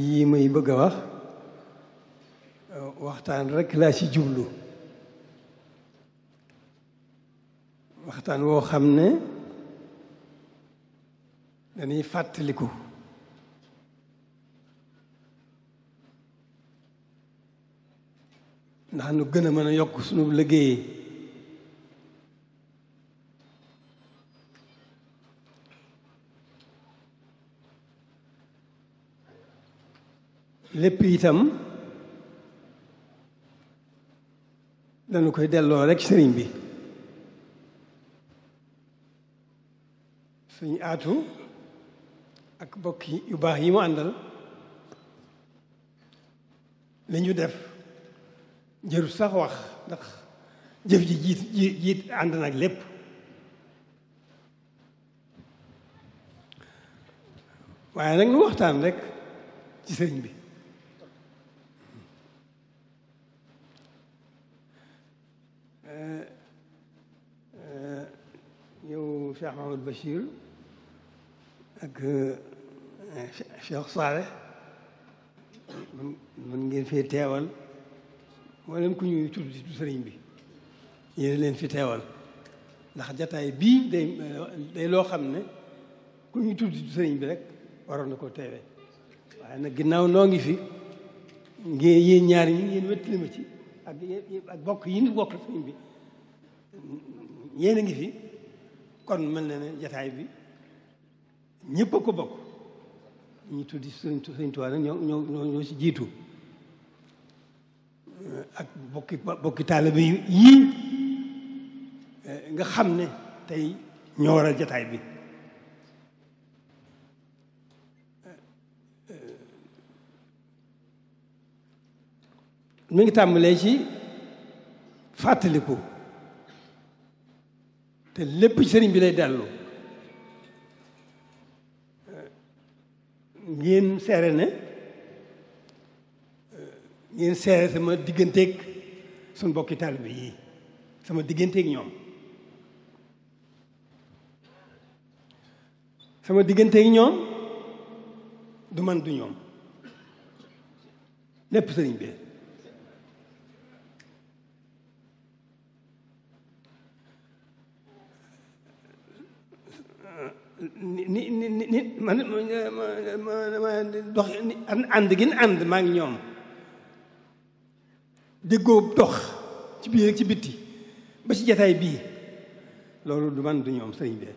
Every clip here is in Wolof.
yii may bëgg a wax waxtaan rekk laa ci jublu waxtaan woo xam ne dañuy fàttaliku ndax nu gën a mën a yokk sunu liggéey lépp itam dañu koy delloo rekk sëriñ bi suñu aatu ak bokk yu baax yi mu àndal li ñu def jëru sax wax ndax jëf ji jiit jiit ànd nag lépp waaye nag nu waxtaan rek ci sëriñ bi yow Cheikh Mahamadou Bachir ak eh, Cheikh Saleh mën ngeen fi teewal mboolem ku ñuy tudd ci sëriñ bi yéen leen fi teewal ndax jataay bii day day loo xam ne ku ñuy tudd ci sëriñ bi rek waroon na ko teewe waaye nag ginnaaw noo ngi fi ngeen yéen ñaar ñi ngeen wettali ma ci ak bokk yi ñu bokk sëriñ bi yéen a ngi fi kon mel na ne jataay bi ñëpp a bokk ñu tuddi sëriñ sëriñ Tuubaa nag ñoo ñoo ñoo si jiitu ak bokki bokki taalibe yii nga xam ne tey ñoo waral jataay bi mi ngi tàmbalee ci fàttaliku te lépp ci sëriñ bi lay dellu ngeen seere ne ngeen seere sama digganteeg suñu bokki taalibe yi sama digganteeg ñoom sama digganteeg ñoom du man du ñoom lépp sëriñ bi ni ni ni man dox ànd gin ànd maa ngi ñoom déggoo dox ci biir ak ci bitti ba ci jataay bii loolu du man du ñoom sëriñ bi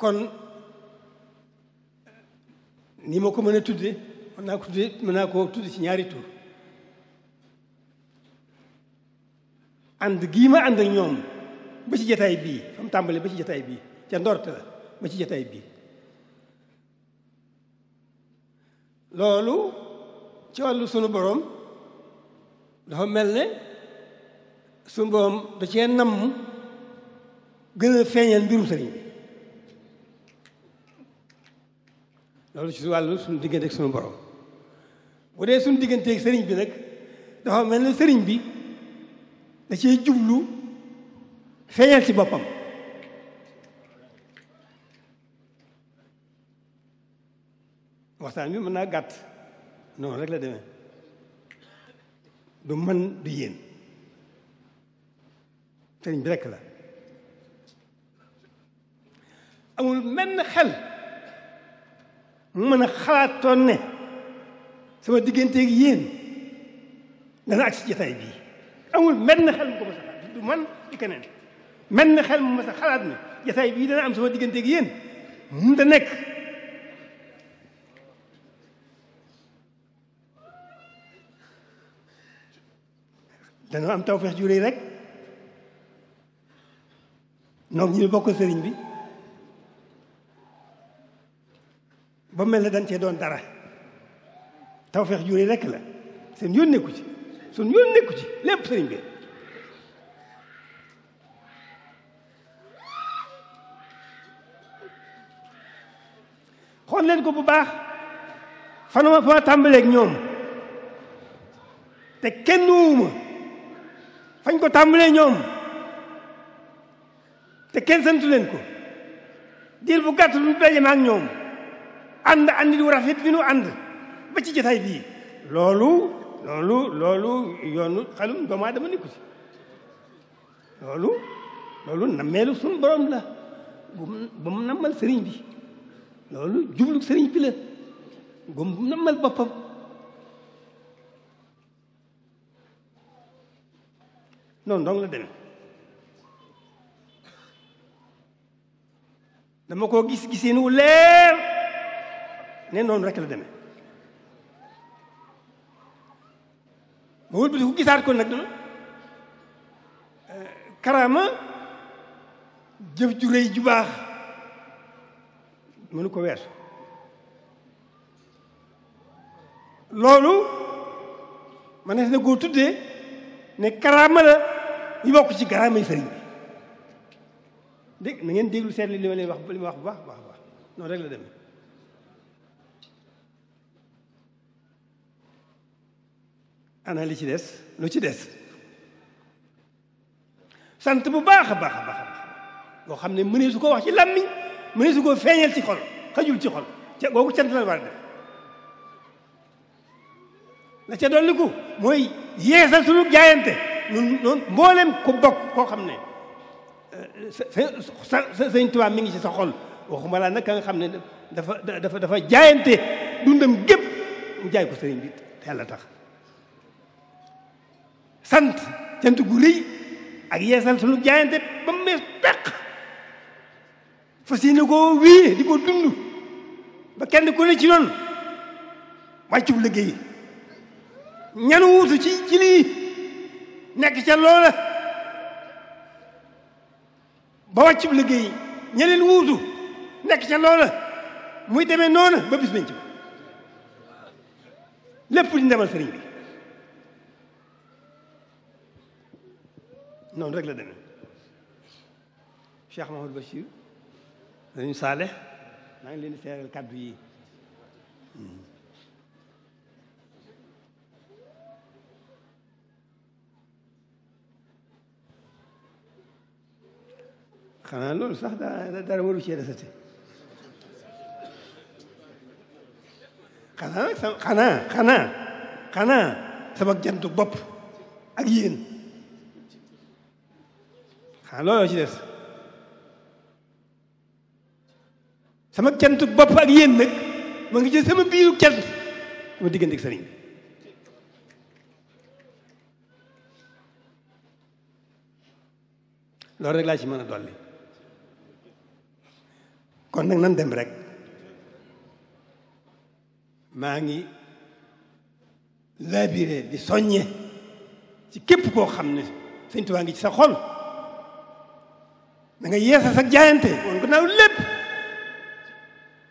kon ni ma ko mën a tudde mën naa ko tudd mën naa koo tudd ci ñaari tur ànd giima ma ànd ñoom ba ci jataay bii fa mu ba ci jataay bi ca ndorte ba ci jataay bi loolu ci wàllu sunu borom dafa mel ne sunu borom da cee namm gën a feeñal mbirum sëriñ bi loolu ci wàllu sunu diggante ak sunu borom bu dee suñu digganteeg sëriñ bi nag dafa mel ne sëriñ bi da cee jublu feeñal ci boppam waxtaan bi mën naa gàtt noonu rek la demee du man du yéen sëriñ bi rekk la amul menn xel mu mën a xalaatoon ne sama digganteeg yéen dana agsi jataay bii amul menn xel mu ko mës xalaat du man mu xalaat ne jataay bii dana am sama digganteeg yéen mu te nekk dañoo am tawfeex ju réy rek noog ñu bokk sëriñ bi ba mel ne dañ cee doon dara tawfeex juree rekk la seen yoon nekku ci sun yoon nekku ci lépp sëriñ bi xool leen ko bu baax fanama fa tàmbaleeg ñoom te kenn wuuma fañ ko tàmbalee ñoom te kenn santu leen ko diir bu gàtt lu daje ma ak ñoom ànd àndi du rafet bi nu ànd ba ci jotaay bii loolu loolu loolu yoonu xelum doomu aadama nekku ci loolu loolu nammeelu suñu borom la bu mu sëriñ bi loolu jublu sëriñ bi la bu mu nammal dong la deme dama koo gis gisee nu leer ne noonu rek la deme ma wëlbati ku gisaat ko nag dana eh, karaama jëf ju rëy ju baax mënu ko weer loolu ma ne na koo tuddee ne karaama la ñu bokk ci karaama yi sëriñ bi dégg na ngeen déglu seet li ma leen wax li ma wax bu baax baax baax noonu rek la demee ana li ci des lu ci des sant bu baax a baax a baax boo xam ne mënee su ko wax ci làmmiñ mënee su ko feeñal ci xol xajul ci xol ca googu cant la war a def la ca dolliku mooy yeesal sunu jaayante nun noonu mboolem ku bokk koo xam ne euh, sa sa sëñ Tuubaa mi ngi ci sa xol waxuma laa nag ka nga xam ne dafa dafa dafa jaayante dundam gépp mu jaay ko sëriñ bi te yàlla tax sant cant gu rëy ak yeesal sunu jaayante ba mu bees peq fas yéene koo wii di ko dund ba kenn ko ne ci noonu wàccub liggéey ñan wuutu ci ci lii nekk ca loola ba wàccub liggéey ñeneen wuutu nekk ca loola muy demee noona ba bis nañ ci di ndemal sëriñ bi noonu rek la demee Cheikh Mahmoud Bachir dañu saale maa ngi leen di seeral kàddu yi xanaa loolu sax daa dara waru cee desati xanaa nag xanaa xanaa xanaa sama jantu bopp ak yéen ah looloo ci des sama cantu bopp ak yéen nag ma ngi jël sama biiru cant sama diggante ak sëriñ laa ci mën a dolli kon nag nan dem rek maa ngi labiré di soññe ci képp koo xam ne Sëñ Tuubaa ngi ci sa xol da nga yeesa jaayante woon gannaaw lépp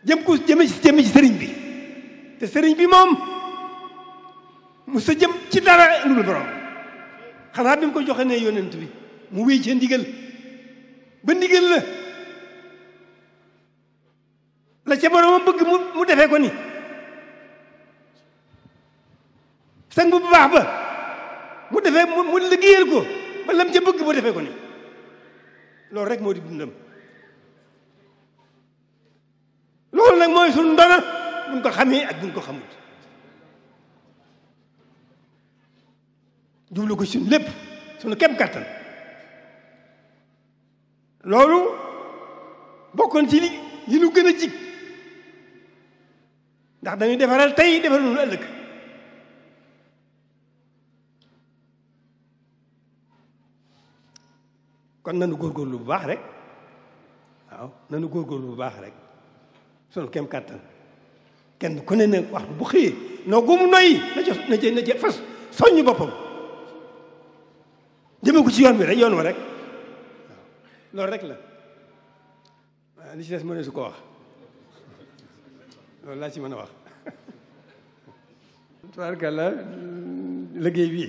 jëm ku jëme ci jëme ci sëriñ bi te sëriñ bi moom mu sa jëm ci dara lu borom xanaa bi mu ko joxe ne yonent bi mu wéy ci ndigal ba ndigal la la ca borom bëgg mu mu defee ko ni sang bu baax ba mu defee mu liggéeyal ko ba lam ca bëgg mu defee ko loolu rek moo di dundam loolu nag mooy suñu ndono buñ ko xamee ak buñ ko xamut jublu ko suñu lépp suñu képp kàttan loolu bokkoon ci li yi ñu gën a jig ndax dañuy defaral tey defaral nu ëllëg kon nanu góorgóorlu bu baax rek waaw nanu góorgóorlu bu baax rek sunu kem kàttan kenn ku ne ne waxtu bu xëyee noo gumu noyyi na ca na ca boppam jëme ci yoon bi rek yoon wa rek loolu rek la li ci des mëne su ko wax loolu laa ci mën a wax tubaarkalla liggéey bi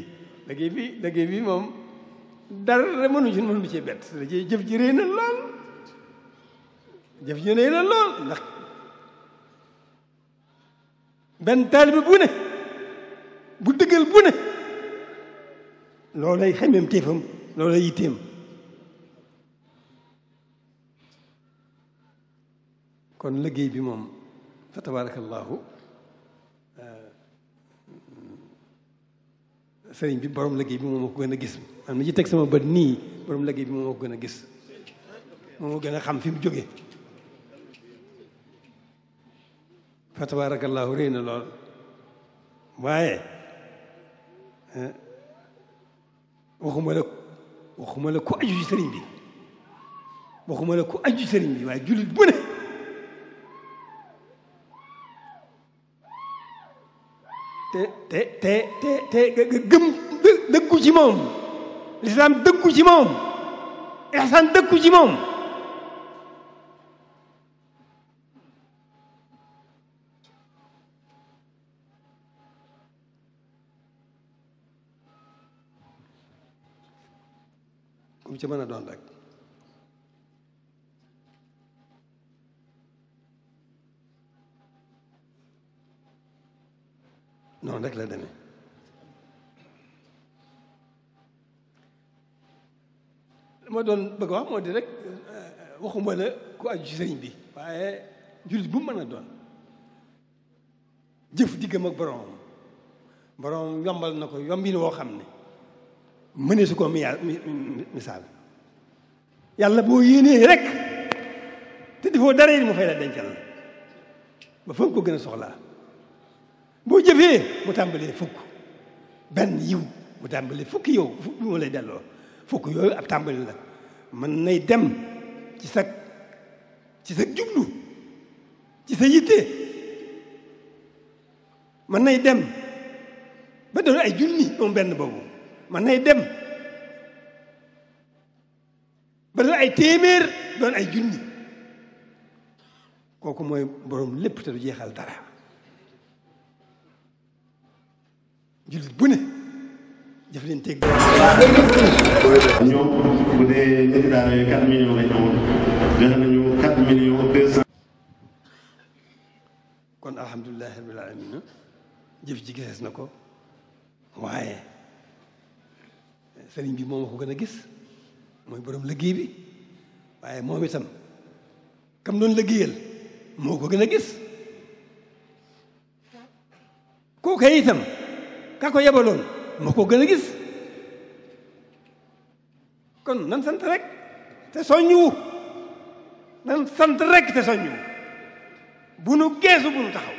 liggéey bi liggéey bi moom dara mënuñu ci mënuñu cee bett da cee jëf ji rëy na lool jëf ji rëy na lool ndax benn taalibe bu ne bu dëggal bu ne loolay xemeem téefam loolay yitteem kon liggéey bi moom fa tabarakallahu sëriñ bi borom liggéey bi moom moo gën a gis man mi ci teg sama bët nii borom liggéey bi moom moo gën a gis moom moo gën a xam fi mu jógee fa tabaarakallaahu réy na lool waaye eh, waxuma la waxuma la ku aju ci sëriñ bi waxuma ku aju ci bi waaye jullit bu te te te te te nga gëm dëggu ci moom lislaam dëggu ci moom ihsaan dëggu ci moom kum ci mën a doon rek noonu rek la demee ma doon bëgg wax moo di rek euh, waxuma la ku aju ci bi waaye jullit bu mën a doon jëf diggam ak boroomam boroom yombal na ko yombin woo xam ne mënee su ko miyaa misaal yàlla boo yéenee rek te defoo dara yi mu fay la dencal la ba fa ko gën a soxlaa boo jëfee mu tàmbalee fukk benn yiw mu tàmbalee fukk yow fukk lay delloo fukk yooyu ab tàmbali la man nay dem ci sa ci sa jublu ci sa yitte mën nay dem ba doon ay junni moom benn boobu mën nay dem ba doon ay téeméer doon ay junni kooku mooy borom lépp te du jeexal dara jullit bu ne jëf leen teg ñoom bu dee ñetti daara yooyu quatre millions lañ amoon joxe nañu quatre millions deux cent kon alhamdulilahi rabbil alamin jëf ji gisees na ko waaye sëriñ bi moom a ko gën a gis mooy borom liggéey bi waaye moom itam kam doon liggéeyal moo ko gën a gis kooka itam ka ko yebaloon moo ko gën a gis kon nan sant rek te soññuwu nan sant rek te soññuwu bu nu geesu bu nu taxaw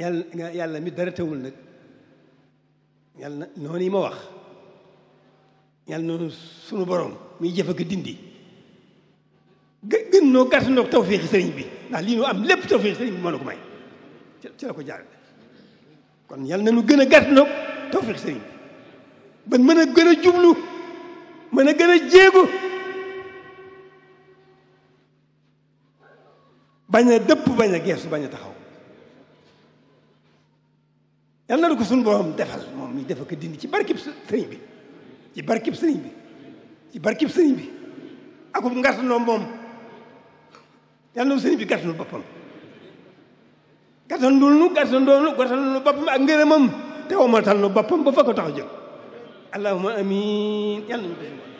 yàlla yàlla mi dara tawul nag yàlla noonu yi ma wax yàlla noonu sunu borom muy jëf ak dindi gën noo gàtt noo tawféexi sëriñ bi ndax lii nu am lépp tawféexi sëriñ bi moo na ko may ci la ko jaarale kon yal na nu gën a gàtt nag tawfeex sëriñ bi ban mën a gën a jublu mën a gën a jéegu bañ a dëpp bañ a geesu bañ a taxaw yal na nu ko suñu borom defal moom mi defa ko dindi ci barkib sëriñ bi ci barkib sëriñ bi ci barkib sëriñ bi akub ngartanoom moom yal na nu sëriñ bi gàttanu boppam gàttandul nu gàttandoo nu gàttandul nu boppam ak ngërëmam te womatal nu boppam ba fa ko tax a jóg allahumma amin yàlla